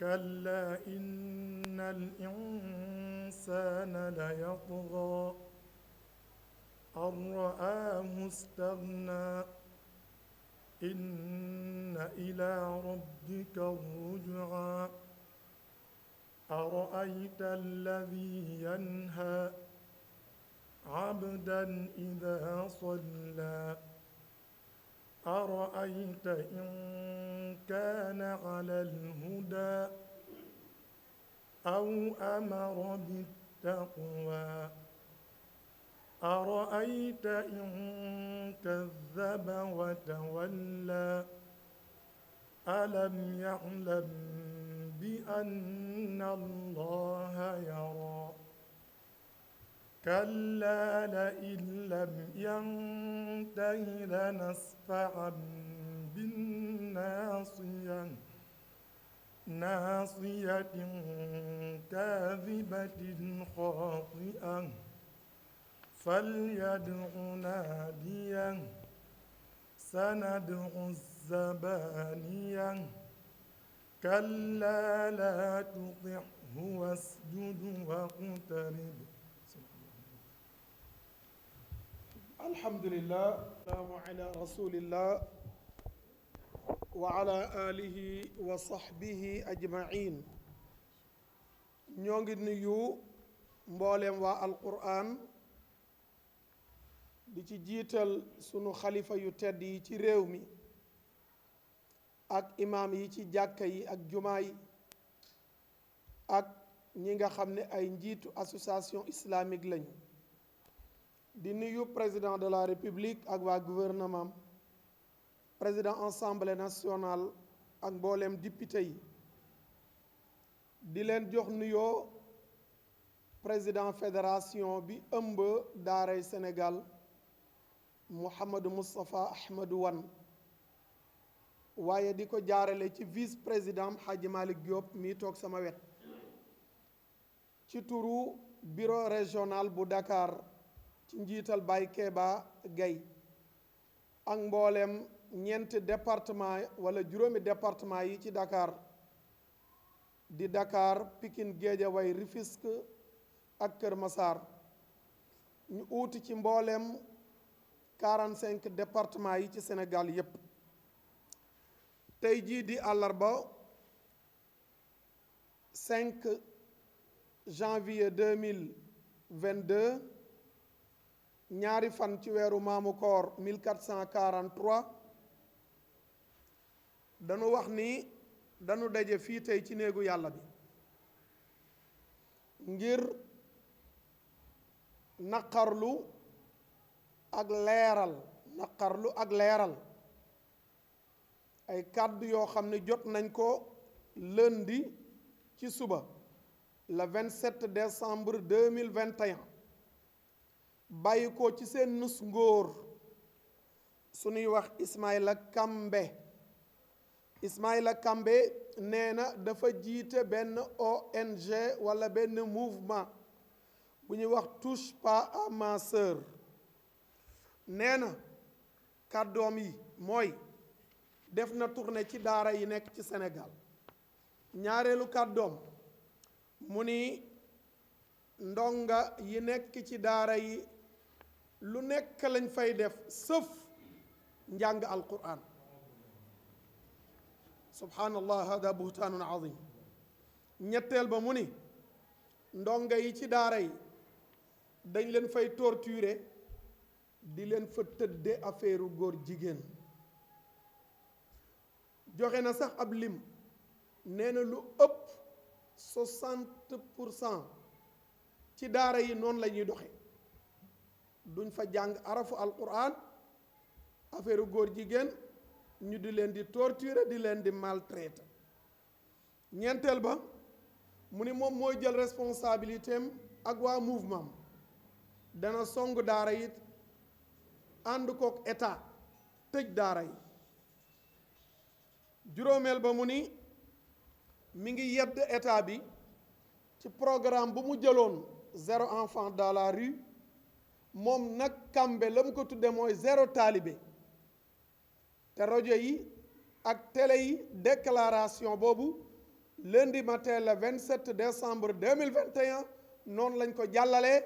كلا إن الإنسان ليطغى أن رآه استغنى إن إلى ربك الرجعى أرأيت الذي ينهى عبدا إذا صلى أرأيت إن كان على الهدى أو أمر بالتقوى أرأيت إن كذب وتولى ألم يعلم بأن الله يرى كلا لئن لم ينته لنسفعا بالناصية ناصية كاذبة خاطئة فليدع ناديا سندع الزبانيا كلا لا تطعه واسجد واقترب الحمد لله السلام على رسول الله وعلى آله وصحبه أجمعين ñoo ngi nuyu mbooleem waa alquran di ci jiital sunu xalifa yu tedd yi ci réew mi ak imaam yi ci jàkka yi ak jumaa yi ak ñi nga xam ne ay njiitu association islamique lañu di nouveau président de la république avec le gouvernement président ensemble national ak mbooleem député yi di président jox la président fédération bi ëmb du Sénégal Mohamed Moustapha Ahmedouane. Wane waaye di vice président Hadji Malick Diop mi Chituru, bureau régional bu Dakar ci njiital Baye Kéba Gaye ak mboolem ñeenti département wala juróomi département yi ci dakaar di Dakar Pikine Guédiawaye Rufisque ak Kër Massar ñu uuti ci mboolem 45 département yi ci senegaal yépp tey jii di àllarba 5 janvier 2022 ñaari fan ci wéru maamu koor 1443 dañu wax ni dañu dajé fi tay ci néegu yàlla bi ngir naqarlu ak leeral naqarlu ak leeral ay kaddu yoo xam ne jot nañ ko lundi ci suba le 27 décembre 2021 bàyyi koo ci seen nus ngóor suñuy wax ismaïla kambe ismaïla kambe nee na dafa jiite benn ong wala benn mouvement bu ñuy wax touche pas à ma sœur nee na kàddoom yi mooy def na tourné ci daara yi nekk ci sénégal ñaareelu kàddoom mu ni ndonga yi nekk ci daara yi lu nekk lañ fay def sëf njàng alquran subhanallah hada buhtaanun azim ñetteel ba mu ni ndonga yi ci daara yi dañ leen fay torturer di leen fa tëdde affaire góor jigéen joxe na sax ab lim nee na lu ëpp soixante pour cent ci daara yi noonu la ñuy doxe duñ fa jàng arafu alquran affaire góor jigéen ñu di leen di torturer di leen di maltraiter ñeenteel ba mu ni moom mooy jël responsabilité ak waa mouvement dana song daara it ànd kook état tëj daara yi juróomeel ba mu ni mi ngi yedd état bi ci programme bu mu jëloon zéro enfant dans la rue moom nag kambe la mu ko tudde mooy zéro taalibe te rajo yi ak télé yi déclaration boobu lundi matin le 27 vingt 2021 noonu lañ ko jàllale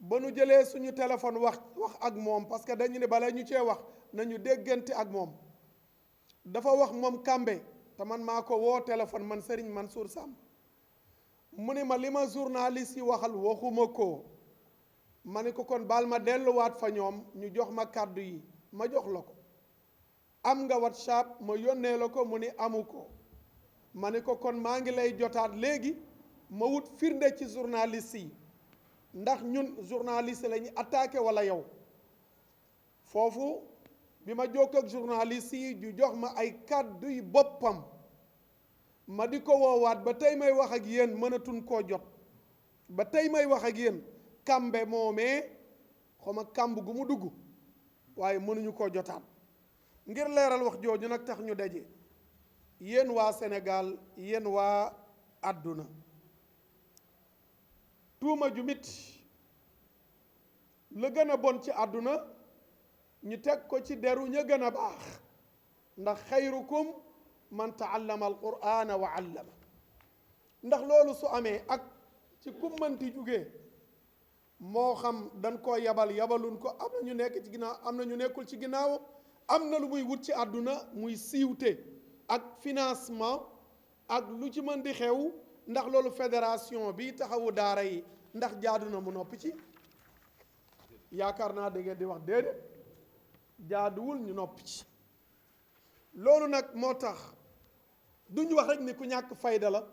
ba nu jëlee suñu téléphone wax wax ak moom parce que dañu ne bala ñu cee wax nañu déggante ak moom dafa wax moom kambe te man maa ko woo téléphone man man Mansour Samb mu ne ma li ma journaliste yi waxal waxuma ko ma ne ko kon baal ma delluwaat fa ñoom ñu jox ma kàddu yi ma jox la ko am nga whatsapp ma yónnee la ko mu ni amu ko ma ne ko kon maa ngi lay jotaat léegi ma wut firnde ci journaliste yi ndax ñun journaliste la ñu attaqué wala yow foofu bi ma jokk ak journaliste yi ju jox ma ay kàddu yi boppam ma di ko woowaat ba tey may wax ak yéen mënatuñ koo jot ba tey may wax ak yéen kambe moomee xoma kàmb gu mu dugg waaye mënuñu koo jotaat ngir leeral wax jooju nag tax ñu daje yéen waa senegaal yéen waa àdduna tuuma ju mit la gën a bon ci àdduna ñu teg ko ci deru ña gën a baax ndax xayrukum man taallama alqur'ana wa allama ndax loolu su amee ak ci kummanti jugee moo xam dañ ko yabal yabaluñ ko am na ñu nekk ci ginnaaw am na ñu nekkul ci ginnaaw am na lu muy wut ci àdduna muy siiwte ak financement ak lu ci mën di xew ndax loolu fédération bi taxawu daara yi ndax jaadu na mu noppi ci yaakaar naa da di wax déedéet jaaduwul ñu noppi ci loolu nag moo tax duñ wax rek ni ku ñàkk fayda la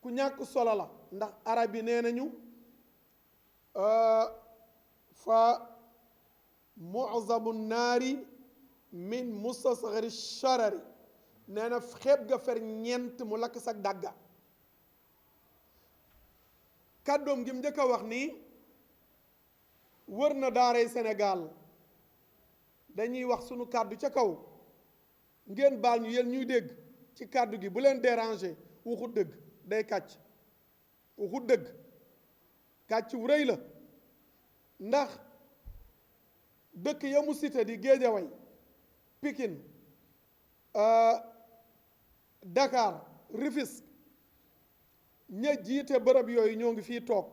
ku ñàkk solo la ndax arab yi nee nañu fa muzamu naari min mustasgari sharari nee na xeeb ga fer ñeent mu lakk sag dàgga kàddoom gi mu njëkk wax nii wër na daaray Sénégal dañuy wax sunu kàddu ca kaw ngeen baal ñu yéen ñuy dégg ci kàddu gi bu leen déranger waxut dëgg day kàcc waxut dëgg gàcc wu rëy la ndax dëkk ya mu cité di Géejawaay Pikine euh, Dakar Rufisque ña jiite bërëb yooyu ñoo ngi fi toog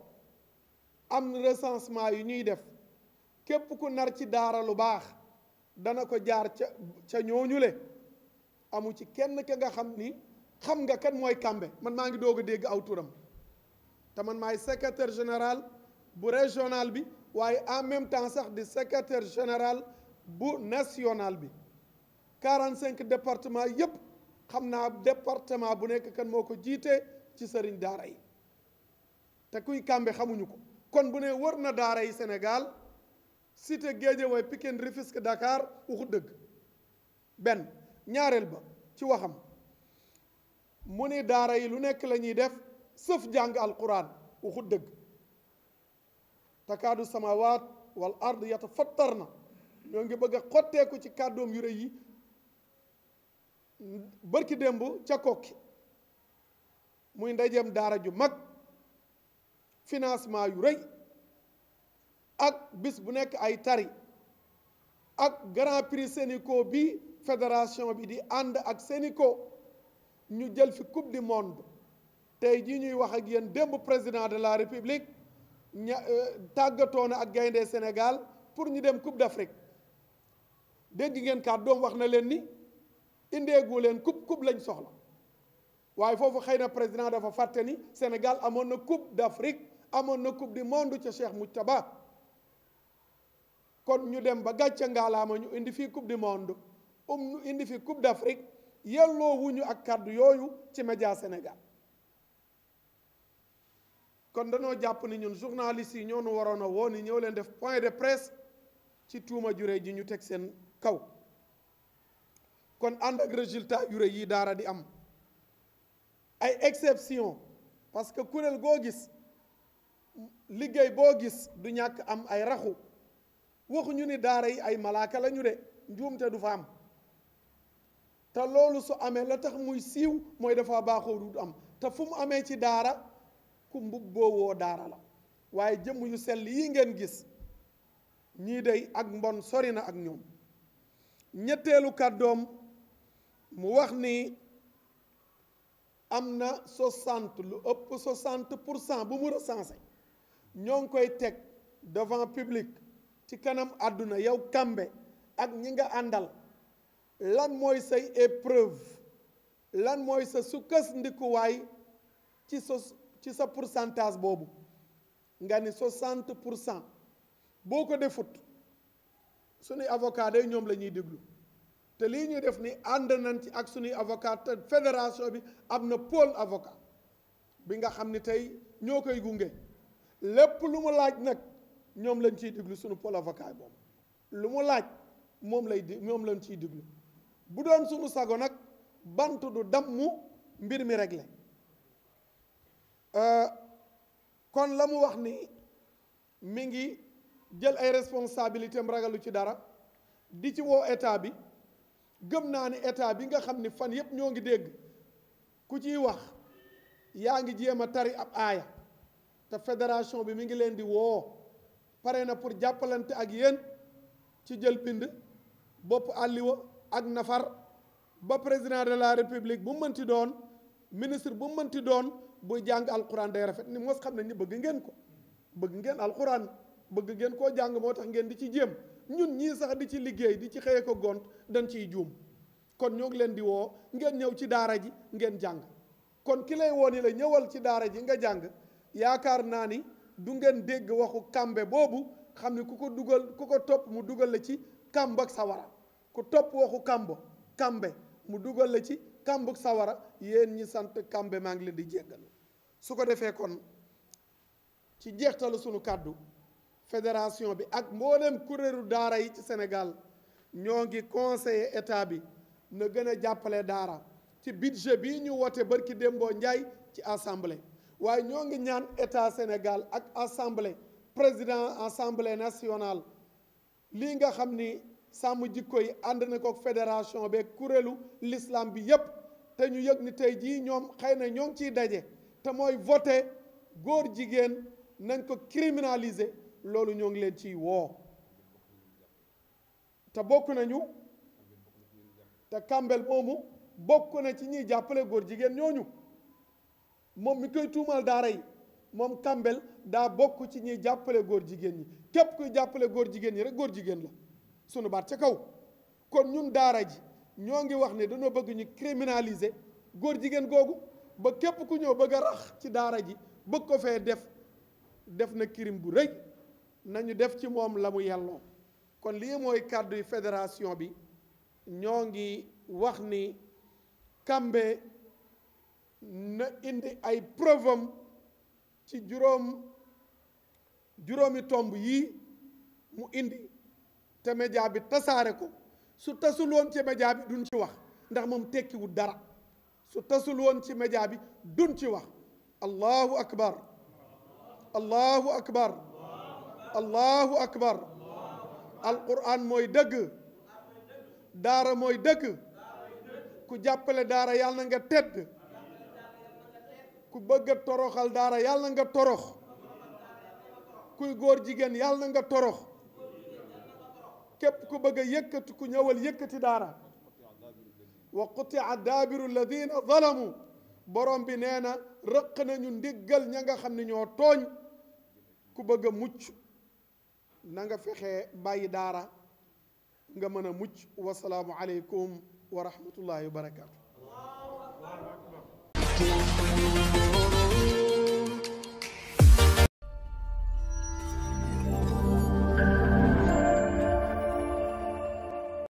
am recensement yu ñuy def képp ku nar ci daara lu baax dana ko jaar ca ca ñooñule amu ci kenn ka nga xam ni xam nga kan mooy Kàmbe man maa ngi doog a dégg aw turam te man maay général bu régional bi waaye en même temps sax di secretaire général bu national bi 45 département yépp xam naa département bu nekk kan moo ko jiite ci sëriñ daara yi te kuy kàmbe xamuñu ko kon bu ne wër na daara yi Sénégal cité Guédiawaye Pikine Rufisque Dakar waxu dëgg benn ñaareel ba ci waxam mu ni daara yi lu nekk lañuy def sëf jàng alquran waxut dëgg takaadu samawaat wal ard yatafattar na ñoo ngi bëgg a ci kàddoom yu rëy yi bërki démb ca kokki muy ndajeem daara ju mag financement yu rëy ak bis bu nekk ay tari ak grand prix Senico bi fédération bi di ànd ak Senico ñu jël fi coupe du monde tey jii ñuy wax ak yéen démb président de la république ña euh, tàggatoo na ak gaynde Sénégal pour ñu dem coupe d'Afrique dégg ngeen doom wax na leen ni indeegu leen coupe coupe lañ soxla waaye foofu xëy na président dafa fàtte ni Sénégal amoon na coupe d'Afrique amoon na coupe du monde ca Cheikh Moujtaba kon ñu dem ba gàcc ngaalaama ñu indi fii coupe du monde um ñu indi fii coupe d'Afrique yelloowuñu ak kàddu yooyu ci média Sénégal kon danoo jàpp ni ñun journalistes yi ñoo nu waroon a woo ni ñëw leen def point de presse ci tuuma juré ji ñu teg seen kaw kon ànd ak résultat juré yi daara di am ay exception parce que kuréel goo gis liggéey boo gis du ñàkk am ay raxu waxuñu ni daara yi ay malaaka la ñu de njuumte du fa am te loolu su amee la tax muy siiw mooy dafa baaxoo du am te fu mu amee ci daara ku booboo daara la waaye jëmm yu sell yi ngeen gis ñii dey ak mbon sori na ak ñoom ñetteelu kàddoom mu wax ni am na 60 lu ëpp 60 pour cent bu mu recensé ñoo ngi koy teg devant public ci kanam àdduna yow Kàmbe ak ñi nga àndal lan mooy say épreuve lan mooy sa sukkës ci sos ci sa pour pourcentage boobu nga ni 60 pour cent boo ko defut suñuy avocat day ñoom la ñuy déglu te lii ñuy def ni ànd nañ ci ak suñuy avocat te bi am na pôle avocat bi nga xam ni tey ñoo koy gunge lépp lu mu laaj nag ñoom lañ ciy déglu suñu pôle avocat boobu lu mu laaj moom lay di moom lañ ciy déglu bu doon suñu sago nag bant du damm mbir mi réglé Euh, kon la mu wax ni mi ngi jël ay responsabilité am ragalu ci dara di ci woo état bi gëm naa ni état bi nga xam ni fan yépp ñoo ngi dégg ku ciy wax yaa ngi jéem a tari ab aaya te fédération bi mi ngi leen di woo pare na pour jàppalante ak yéen ci jël pind bopp àlliwa ak nafar ba président de la république bu mënti doon ministre bu mënti doon buy Al alquran day rafet ni mos xamna ni bëgg ngeen ko bëgg ngeen alquran bëgg ngeen ko jang motax ngeen di ci jëm ñun ñi sax di ci liggéey di ci xeye ko gont dañ ci joom kon ñok leen di wo ngeen ñew ci daara ji ngeen jang kon ki lay woo ni la ñewal ci daara ji nga jang yaakar naani du ngeen dégg waxu kambe bobu xamni kuko ku kuko top mu duggal la ci kàmb ak sawara ku top waxu kàmb kambe mu duggal la ci kàmbug sawara yéen ñi sant kàmbe maa ngi leen di jéggalu su ko defee kon ci jeextalu suñu kàddu fédération bi ak mboolem kuréelu daara yi ci senegal ñoo ngi conseiller état bi na gën a jàppale daara ci budget bii ñu wote barki démboo njaay ci assemblée waaye ñoo ngi ñaan état Sénégal ak assemblée président assemblée nationale lii nga xam ni sàmm jikko yi ànd na ko fédération beeg kuréelu lislaam bi yépp te ñu yëg ni tey jii ñoom xëy na ñoo ngi ciy daje te mooy voté góor jigéen nañ ko criminaliser loolu ñoo ngi leen ciy woo te bokk nañu te Kambel moomu bokk na ci ñiy jàppale góor jigéen ñooñu moom mi koy tuumal daara yi moom Kambel daa bokk ci ñiy jàppale góor jigéen ñi képp kuy jàppale góor jigéen ñi rek góor jigéen la sunu baat ca kaw kon ñun daara ji ñoo ngi wax ni dañoo bëgg ñu criminaliser góor jigéen googu ba képp ku ñëw bëgg a rax ci daara ji bëgg ko fee def def na kirim bu rëy nañu def ci moom la mu yelloo kon lii mooy kàddu fédération bi ñoo ngi wax ni Kambé na indi ay preuve ci juróom juróomi tomb yii mu indi te média bi tasaare ko su tasul ci média bi duñ ci wax ndax moom tekkiwul dara su tasul woon ci média bi duñ ci wax allahu akbar allahu akbar allahu akbar alquran mooy dëgg daara mooy dëgg ku jàppale daara yàlla nga tëdd ku bëgga toroxal daara yàlla na nga torox kuy góor jigéen yàlla na nga torox كيب كو بغا ييكت كو نيوال ييكتي دارا وقطع دابر الذين ظلموا بروم بنانا نينا رق نانيو ديغال نياغا كبجا نيو نجا كو بغا موتش نانغا فخه باي دارا nga mën a mucc wasalaamu aleykum wa rahmatullahi